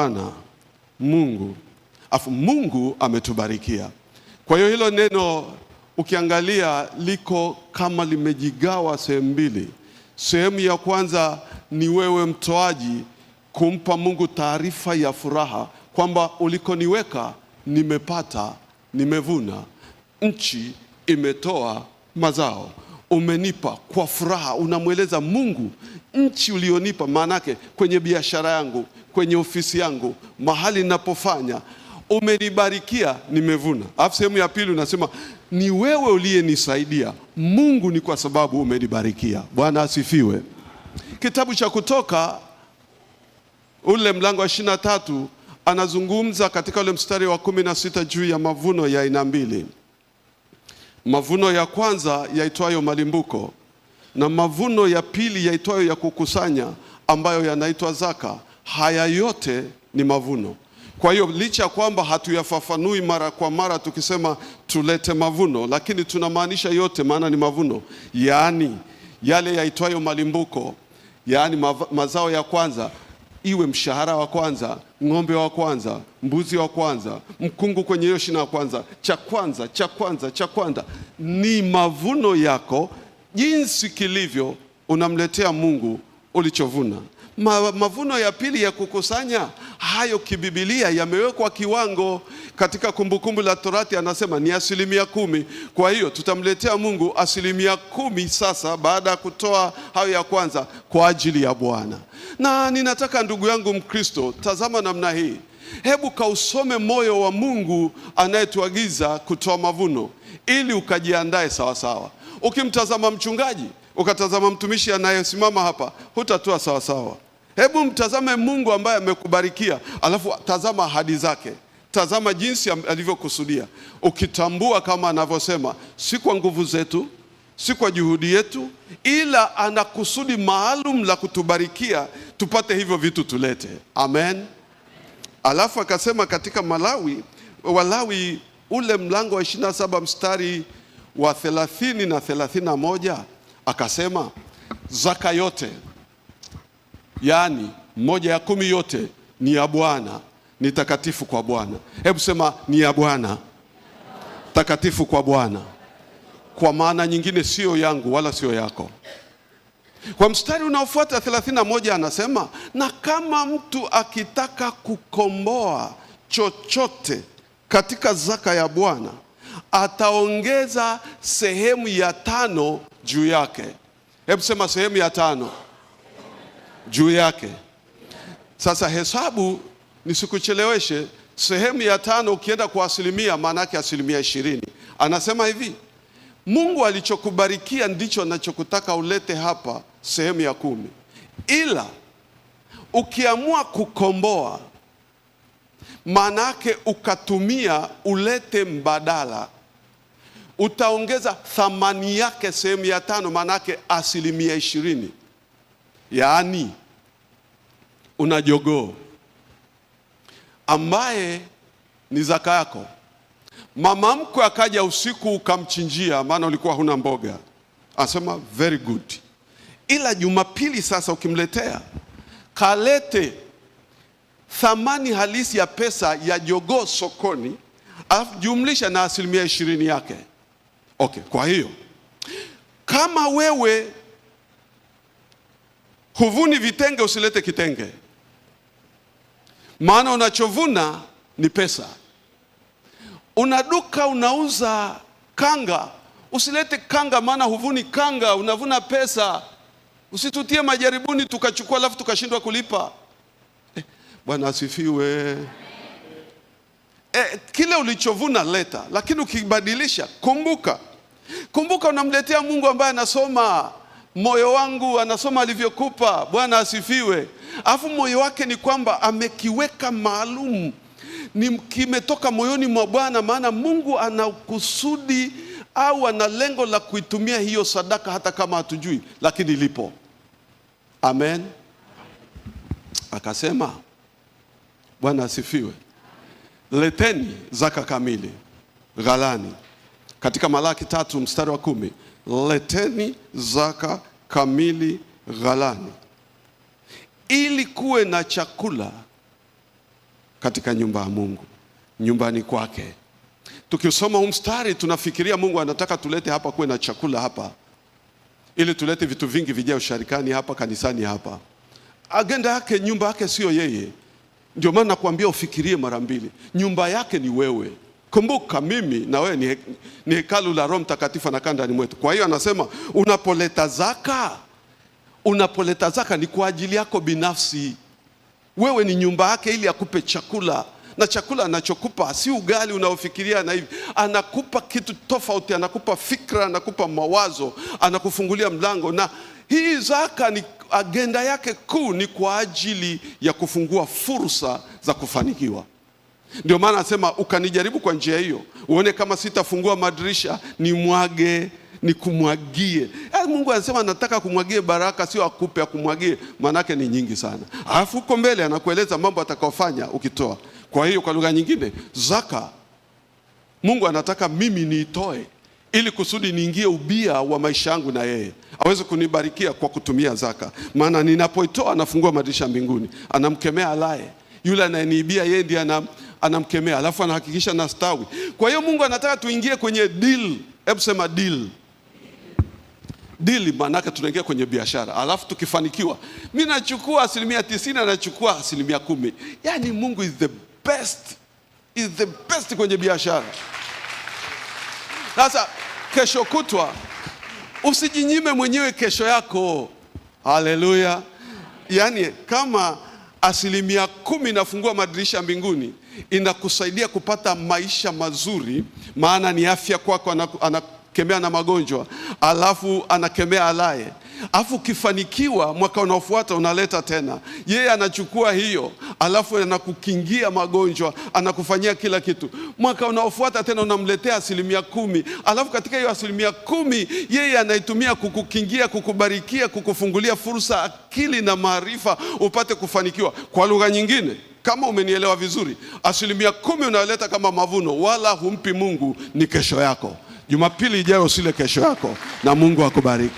Bwana Mungu afu Mungu ametubarikia. Kwa hiyo hilo neno ukiangalia liko kama limejigawa sehemu mbili. Sehemu ya kwanza ni wewe mtoaji kumpa Mungu taarifa ya furaha kwamba ulikoniweka nimepata, nimevuna, nchi imetoa mazao, umenipa kwa furaha. Unamweleza Mungu nchi ulionipa, maanake kwenye biashara yangu, kwenye ofisi yangu, mahali ninapofanya umenibarikia, nimevuna. Alafu sehemu ya pili unasema ni wewe uliyenisaidia. Mungu ni kwa sababu umenibarikia. Bwana asifiwe. Kitabu cha Kutoka ule mlango wa ishirini na tatu anazungumza katika ule mstari wa kumi na sita juu ya mavuno ya aina mbili, mavuno ya kwanza yaitwayo malimbuko na mavuno ya pili yaitwayo ya kukusanya ambayo yanaitwa zaka. Haya yote ni mavuno. Kwa hiyo licha ya kwamba hatuyafafanui mara kwa mara tukisema tulete mavuno, lakini tunamaanisha yote, maana ni mavuno, yaani yale yaitwayo malimbuko, yaani mazao ya kwanza, iwe mshahara wa kwanza, ng'ombe wa kwanza, mbuzi wa kwanza, mkungu kwenye hiyo shina wa kwanza, cha kwanza, cha kwanza, cha kwanza, ni mavuno yako jinsi kilivyo, unamletea Mungu ulichovuna. Ma, mavuno ya pili ya kukusanya hayo kibibilia yamewekwa kiwango katika Kumbukumbu la Torati, anasema ni asilimia kumi. Kwa hiyo tutamletea Mungu asilimia kumi sasa, baada ya kutoa hayo ya kwanza kwa ajili ya Bwana. Na ninataka ndugu yangu Mkristo, tazama namna hii, hebu kausome moyo wa Mungu anayetuagiza kutoa mavuno ili ukajiandae sawasawa. Ukimtazama mchungaji ukatazama mtumishi anayesimama hapa, hutatoa sawasawa. Hebu mtazame Mungu ambaye amekubarikia, alafu tazama ahadi zake, tazama jinsi alivyokusudia, ukitambua kama anavyosema, si kwa nguvu zetu, si kwa juhudi yetu, ila ana kusudi maalum la kutubarikia tupate hivyo vitu tulete. Amen. Alafu akasema katika Malawi, Walawi ule mlango wa 27 mstari wa 30 na 31, akasema zaka yote, yaani moja ya kumi yote ni ya Bwana, ni takatifu kwa Bwana. Hebu sema ni ya Bwana, takatifu kwa Bwana, kwa maana nyingine siyo yangu wala siyo yako. Kwa mstari unaofuata 31, anasema na kama mtu akitaka kukomboa chochote katika zaka ya Bwana ataongeza sehemu ya tano juu yake. Hebu sema sehemu ya tano juu yake. Sasa hesabu nisikucheleweshe, sehemu ya tano ukienda kwa asilimia, maana yake asilimia ishirini. Anasema hivi, Mungu alichokubarikia ndicho anachokutaka ulete hapa, sehemu ya kumi, ila ukiamua kukomboa maana ukatumia ulete mbadala, utaongeza thamani yake sehemu ya tano, maana asilimia ishirini. Yaani una jogoo ambaye ni zaka yako, mama mkwe akaja usiku ukamchinjia, maana ulikuwa huna mboga, asema very good. Ila Jumapili sasa ukimletea kalete thamani halisi ya pesa ya jogoo sokoni, alafu jumlisha na asilimia ishirini yake. Okay, kwa hiyo kama wewe huvuni vitenge, usilete kitenge, maana unachovuna ni pesa. Una duka unauza kanga, usilete kanga, maana huvuni kanga, unavuna pesa. Usitutie majaribuni tukachukua alafu tukashindwa kulipa. Bwana asifiwe. E, kile ulichovuna leta, lakini ukibadilisha, kumbuka, kumbuka unamletea Mungu ambaye anasoma moyo wangu, anasoma alivyokupa. Bwana asifiwe. Alafu moyo wake ni kwamba amekiweka maalum, ni kimetoka moyoni mwa Bwana, maana Mungu ana kusudi au ana lengo la kuitumia hiyo sadaka, hata kama hatujui, lakini lipo. Amen. Akasema Bwana asifiwe. Leteni zaka kamili ghalani, katika Malaki tatu mstari wa kumi leteni zaka kamili ghalani, ili kuwe na chakula katika nyumba ya Mungu, nyumbani kwake. tukisoma huu mstari tunafikiria Mungu anataka tulete hapa, kuwe na chakula hapa, ili tulete vitu vingi vijao sharikani hapa, kanisani hapa. Agenda yake, nyumba yake, siyo yeye ndio maana nakwambia ufikirie mara mbili, nyumba yake ni wewe. Kumbuka mimi na wewe ni, ni hekalu la Roho Mtakatifu anakaa ndani mwetu. Kwa hiyo anasema unapoleta zaka, unapoleta zaka ni kwa ajili yako binafsi. Wewe ni nyumba yake ili akupe chakula, na chakula anachokupa si ugali unaofikiria na hivi, anakupa kitu tofauti, anakupa fikra, anakupa mawazo, anakufungulia mlango, na hii zaka ni agenda yake kuu ni kwa ajili ya kufungua fursa za kufanikiwa. Ndio maana anasema ukanijaribu kwa njia hiyo, uone kama sitafungua madirisha ni mwage ni kumwagie eh, Mungu anasema nataka kumwagie baraka, sio akupe, akumwagie, maanake ni nyingi sana. Alafu huko mbele anakueleza mambo atakayofanya ukitoa. Kwa hiyo kwa lugha nyingine, zaka Mungu anataka mimi niitoe ili kusudi niingie ubia wa maisha yangu na yeye aweze kunibarikia kwa kutumia zaka. Maana ninapoitoa anafungua madirisha mbinguni, anamkemea alaye yule anayeniibia, yeye ndiye anam, anamkemea, alafu anahakikisha nastawi. Kwa hiyo Mungu anataka tuingie kwenye deal. Hebu sema deal. Deal maanake tunaingia kwenye biashara, alafu tukifanikiwa, mi nachukua asilimia tisini, anachukua asilimia kumi. Yaani Mungu is the best, is the best kwenye biashara. Sasa kesho kutwa usijinyime mwenyewe kesho yako. Haleluya! Yaani kama asilimia kumi inafungua madirisha mbinguni, inakusaidia kupata maisha mazuri, maana ni afya kwako anakemea na magonjwa, alafu anakemea alaye alafu ukifanikiwa mwaka unaofuata unaleta tena. Yeye anachukua hiyo, alafu anakukingia magonjwa, anakufanyia kila kitu. Mwaka unaofuata tena unamletea asilimia kumi, alafu katika hiyo asilimia kumi yeye anaitumia kukukingia, kukubarikia, kukufungulia fursa, akili na maarifa, upate kufanikiwa. Kwa lugha nyingine kama umenielewa vizuri, asilimia kumi unayoleta kama mavuno wala humpi Mungu ni kesho yako. Jumapili ijayo usile kesho yako, na Mungu akubariki.